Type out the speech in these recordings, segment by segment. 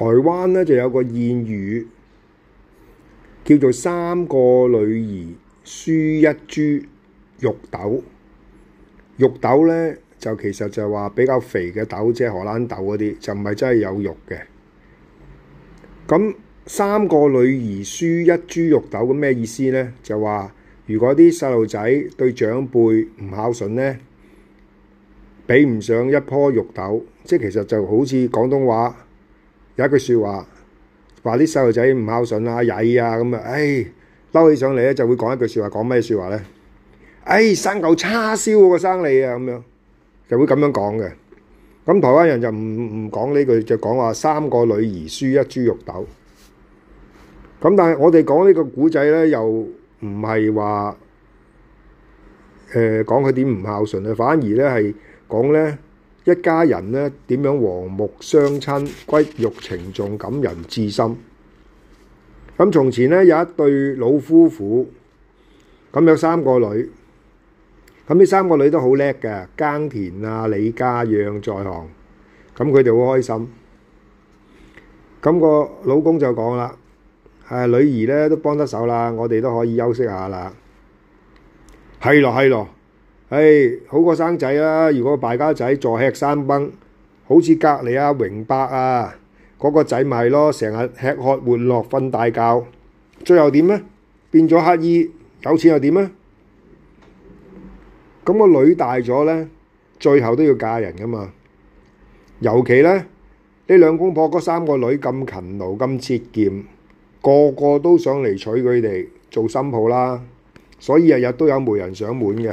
台灣呢就有個諺語叫做三個女兒輸一株肉豆，肉豆呢，就其實就話比較肥嘅豆，即係荷蘭豆嗰啲，就唔係真係有肉嘅。咁三個女兒輸一株肉豆，咁咩意思呢？就話如果啲細路仔對長輩唔孝順呢，比唔上一棵肉豆，即係其實就好似廣東話。有一句說話，話啲細路仔唔孝順啊、曳啊咁啊，哎，嬲起上嚟咧就會講一句說話，講咩說話咧？唉，生嚿叉燒個生你啊，咁樣就會咁樣講嘅。咁台灣人就唔唔講呢句，就講話三個女兒輸一株肉豆。咁但係我哋講呢個古仔咧，又唔係話誒講佢點唔孝順啊，反而咧係講咧。一家人呢點樣和睦相親，骨肉情重感人至深。咁從前呢，有一對老夫婦，咁有三個女，咁呢三個女都好叻嘅，耕田啊、理家養在行，咁佢哋好開心。咁、那個老公就講啦：誒、啊，女兒呢都幫得手啦，我哋都可以休息下啦。係咯，係咯。唉，hey, 好過生仔啦，啊！如果敗家仔坐吃山崩，好似隔離阿榮伯啊，嗰、那個仔咪係咯，成日吃喝玩樂瞓大覺，最後點呢？變咗乞衣，有錢又點咧？咁、那個女大咗呢，最後都要嫁人噶嘛。尤其呢，呢兩公婆嗰三個女咁勤勞咁節儉，個個都想嚟娶佢哋做新抱啦，所以日日都有媒人上門嘅。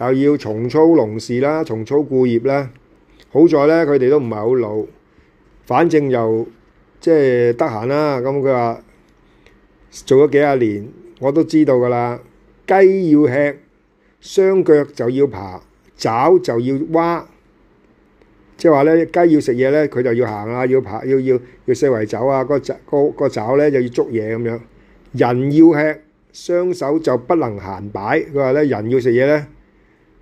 又要重操農事啦，重操故業啦。好在咧，佢哋都唔係好老，反正又即係得閒啦。咁佢話做咗幾廿年，我都知道㗎啦。雞要吃，雙腳就要爬，爪就要挖，即係話咧雞要食嘢咧，佢就要行啊，要爬要要要四圍走啊，個爪個個爪咧就要捉嘢咁樣。人要吃，雙手就不能閒擺。佢話咧人要食嘢咧。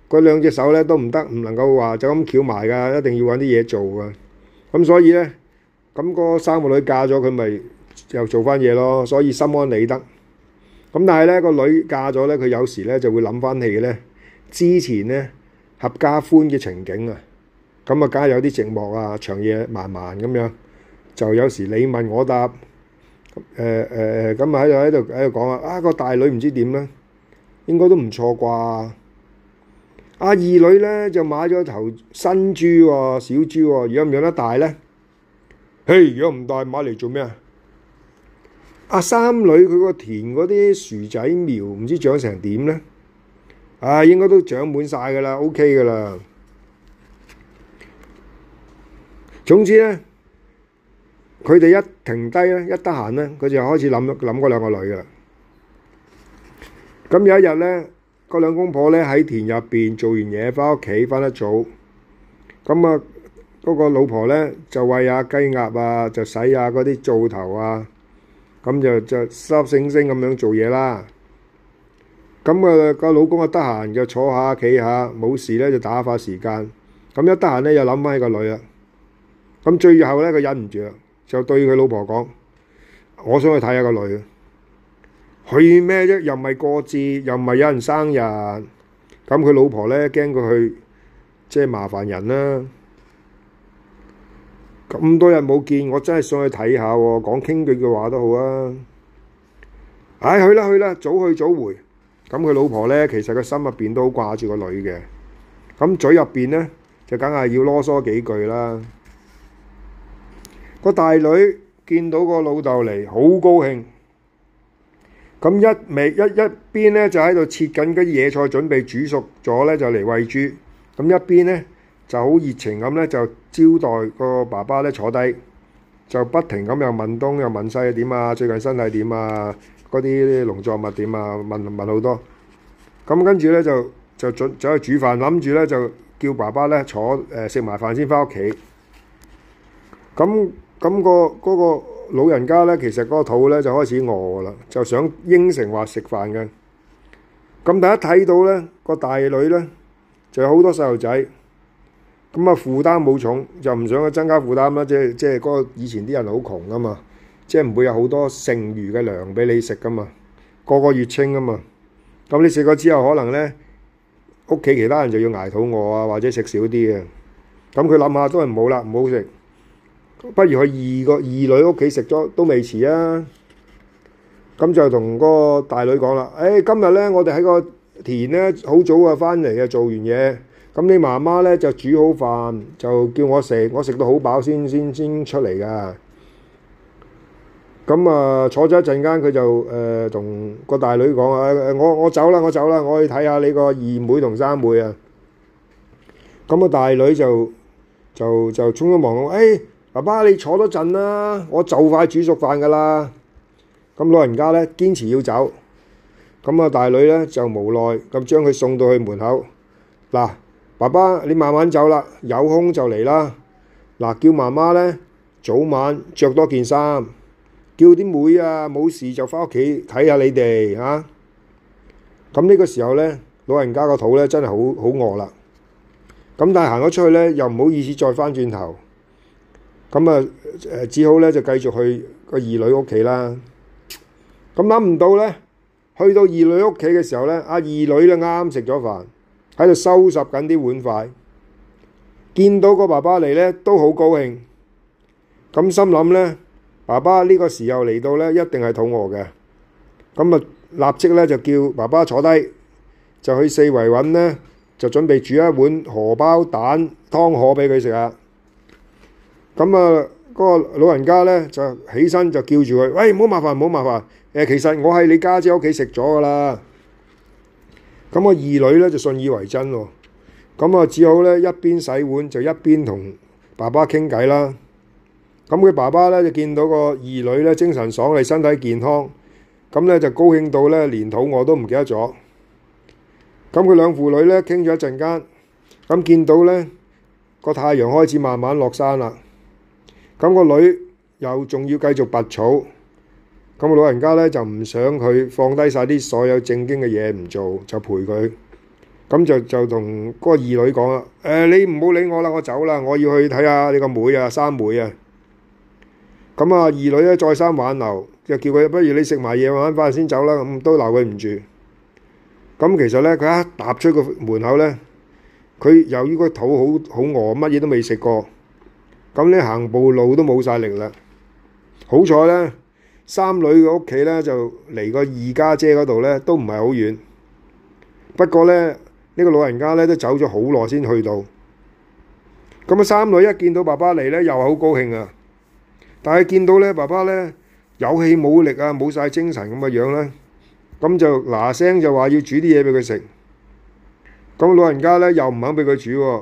佢兩隻手咧都唔得，唔能夠話就咁翹埋㗎，一定要揾啲嘢做㗎。咁所以咧，咁個三個女嫁咗，佢咪又做翻嘢咯。所以心安理得。咁但係咧，個女嫁咗咧，佢有時咧就會諗翻起咧之前咧合家歡嘅情景啊。咁啊，梗係有啲寂寞啊，長夜漫漫咁樣，就有時你問我答。誒誒，咁啊喺度喺度喺度講啊，啊個大女唔知點咧，應該都唔錯啩。阿二女咧就買咗頭新豬喎，小豬喎，養唔養得大咧？嘿，如果唔大買嚟做咩啊？阿三女佢個田嗰啲薯仔苗唔知長成點咧？啊，應該都長滿晒㗎喇，OK 㗎喇。總之咧，佢哋一停低咧，一得閒咧，佢就開始諗咗諗嗰兩個女㗎喇。咁有一日咧。個兩公婆咧喺田入邊做完嘢，翻屋企翻得早，咁啊嗰個老婆咧就餵下、啊、雞鴨啊，就洗下嗰啲灶頭啊，咁就就濕星星咁樣做嘢啦。咁啊、個老公啊得閒就坐下企下，冇事咧就打發時間。咁一得閒咧又諗翻起個女啊。咁最後咧佢忍唔住，就對佢老婆講：我想去睇下個女啊！去咩啫？又唔係過節，又唔係有人生日。咁佢老婆咧驚佢去，即係麻煩人啦、啊。咁多日冇見，我真係想去睇下、啊，講傾偈嘅話都好啊。唉，去啦去啦，早去早回。咁佢老婆咧，其實個心入邊都掛住個女嘅。咁嘴入邊咧，就梗係要囉嗦幾句啦。個大女見到個老豆嚟，好高興。咁一未一一邊咧就喺度切緊啲野菜，準備煮熟咗咧就嚟餵豬。咁一邊咧就好熱情咁咧就招待個爸爸咧坐低，就不停咁又問東又問西點啊，最近身體點啊，嗰啲農作物點啊，問問好多。咁跟住咧就就準走去煮飯，諗住咧就叫爸爸咧坐誒食埋飯先返屋企。咁咁個嗰個。老人家咧，其實嗰個肚咧就開始餓啦，就想應承話食飯嘅。咁但係一睇到咧，個大女咧，就有好多細路仔，咁啊負擔冇重，就唔想增加負擔啦。即係即係嗰個以前啲人好窮啊嘛，即係唔會有好多剩餘嘅糧俾你食噶嘛，個個月清啊嘛。咁你食過之後，可能咧屋企其他人就要挨肚餓啊，或者食少啲嘅。咁佢諗下都係冇啦，唔好食。不如去二個二女屋企食咗都未遲啊！咁就同個大女講啦。誒、哎，今日咧我哋喺個田咧好早啊，翻嚟啊，做完嘢。咁你媽媽咧就煮好飯，就叫我食。我食到好飽先先先出嚟㗎。咁啊、呃，坐咗一陣間，佢就誒同、呃、個大女講啊、哎，我我走啦，我走啦，我去睇下你個二妹同三妹啊。咁個大女就就就匆匆忙誒。哎爸爸，你坐多陣啦，我就快煮熟飯㗎啦。咁老人家咧堅持要走，咁啊大女咧就無奈咁將佢送到去門口。嗱，爸爸你慢慢走啦，有空就嚟啦。嗱，叫媽媽咧早晚着多件衫，叫啲妹妹啊冇事就翻屋企睇下你哋啊。咁呢個時候咧，老人家個肚咧真係好好餓啦。咁但係行咗出去咧，又唔好意思再翻轉頭。咁啊，誒，只好咧就繼續去個二女屋企啦。咁諗唔到咧，去到二女屋企嘅時候咧，阿、啊、二女咧啱食咗飯，喺度收拾緊啲碗筷，見到個爸爸嚟咧都好高興。咁心諗咧，爸爸呢個時候嚟到咧，一定係肚餓嘅。咁啊，立即咧就叫爸爸坐低，就去四圍揾咧，就準備煮一碗荷包蛋湯河俾佢食啊！咁啊，嗰個老人家咧就起身就叫住佢：「喂，唔好麻煩，唔好麻煩。誒，其實我喺你家姐屋企食咗㗎啦。咁個二女咧就信以為真喎。咁啊，只好咧一邊洗碗就一邊同爸爸傾偈啦。咁佢爸爸咧就見到個二女咧精神爽利、身體健康，咁咧就高興到咧連肚餓都唔記得咗。咁佢兩父女咧傾咗一陣間，咁見到咧個太陽開始慢慢落山啦。咁個女又仲要繼續拔草，咁個老人家呢就唔想佢放低晒啲所有正經嘅嘢唔做，就陪佢。咁就就同嗰個二女講啦：誒、呃，你唔好理我啦，我走啦，我要去睇下你個妹啊、三妹啊。咁啊，二女呢再三挽留，又叫佢不如你食埋嘢玩翻先走啦，咁都留佢唔住。咁其實呢，佢一踏出個門口呢，佢由於個肚好好餓，乜嘢都未食過。咁你行步路都冇曬力啦，好彩咧，三女嘅屋企咧就離個二家姐嗰度咧都唔係好遠，不過咧呢個老人家咧都走咗好耐先去到。咁啊，三女一見到爸爸嚟咧，又係好高興啊！但係見到咧爸爸咧有氣冇力啊，冇曬精神咁嘅樣啦，咁就嗱聲就話要煮啲嘢俾佢食。咁老人家咧又唔肯俾佢煮喎。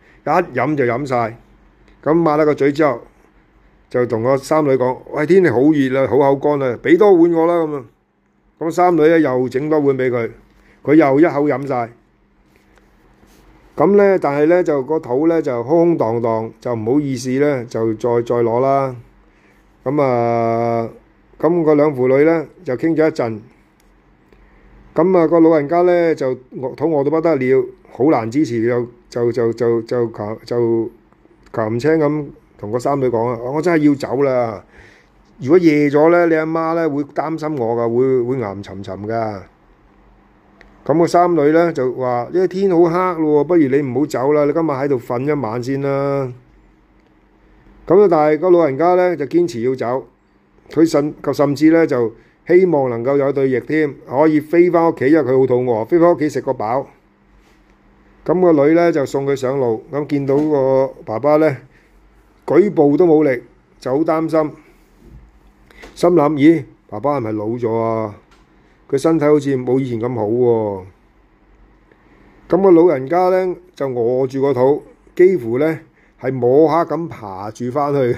一飲就飲晒，咁抹甩個嘴之後，就同個三女講：喂，天氣好熱啦、啊，好口乾啦、啊，畀多碗我啦咁啊！咁三女咧又整多碗俾佢，佢又一口飲晒。咁咧，但係咧就個肚咧就空空蕩蕩，就唔好意思咧，就再再攞啦。咁啊，咁個兩父女咧就傾咗一陣。咁啊，個老人家咧就餓肚餓到不得了，好難支持，就就就就就擒就擒青咁同個三女講啊！我真係要走啦！如果夜咗咧，你阿媽咧會擔心我噶，會會暗沉沉噶。咁個三女咧就話：因為天好黑咯，不如你唔好走啦，你今日喺度瞓一晚先啦。咁啊，但係個老人家咧就堅持要走，佢甚甚，甚至咧就。希望能夠有對翼添，可以飛翻屋企，因為佢好肚餓，飛翻屋企食個飽。咁個女咧就送佢上路，咁見到個爸爸咧舉步都冇力，就好擔心。心諗：咦，爸爸係咪老咗啊？佢身體好似冇以前咁好喎。咁個老人家咧就餓住個肚，幾乎咧係摸黑咁爬住翻去，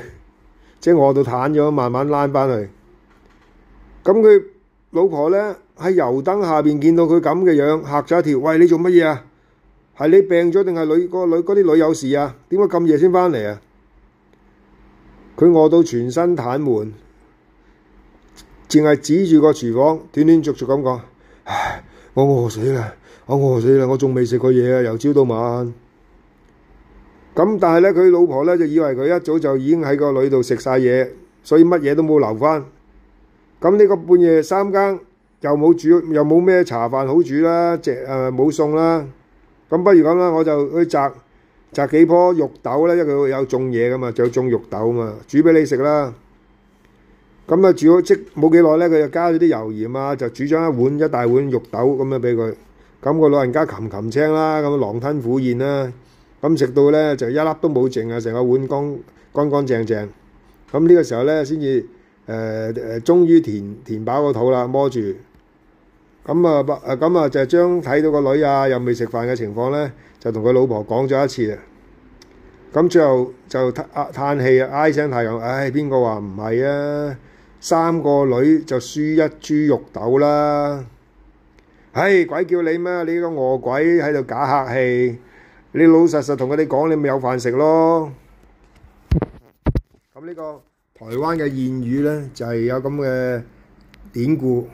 即係餓到癱咗，慢慢攔翻去。咁佢老婆咧喺油燈下邊見到佢咁嘅樣，樣嚇咗一跳，喂，你做乜嘢啊？係你病咗定係女、嗰個女嗰啲女有事啊？點解咁夜先返嚟啊？佢餓到全身癱瘓，淨係指住個廚房斷斷續續咁講：唉，我餓死啦，我餓死啦，我仲未食過嘢啊，由朝到晚。咁但係咧，佢老婆咧就以為佢一早就已經喺個女度食晒嘢，所以乜嘢都冇留翻。咁呢個半夜三更又冇煮又冇咩茶飯好煮啦，即係誒冇餸啦。咁不如咁啦，我就去摘摘幾樖肉豆咧，因為佢有種嘢噶嘛，仲有種肉豆嘛，煮俾你食啦。咁啊煮咗即冇幾耐咧，佢就加咗啲油鹽啊，就煮咗一碗一大碗肉豆咁樣俾佢。咁個老人家擒擒青啦，咁狼吞虎咽啦。咁食到咧就一粒都冇剩啊，成個碗乾乾乾淨淨。咁呢個時候咧先至。誒誒，終於、呃、填填飽個肚啦，摸住。咁啊，咁啊，就將睇到個女啊又未食飯嘅情況咧，就同佢老婆講咗一次啊。咁最後就嘆嘆氣，唉聲嘆氣，唉、哎，邊個話唔係啊？三個女就輸一株肉豆啦。唉、哎，鬼叫你咩？你個餓鬼喺度假客氣。你老實實同佢哋講，你咪有飯食咯。咁呢、這個。台灣嘅諺語呢，就係、是、有咁嘅典故。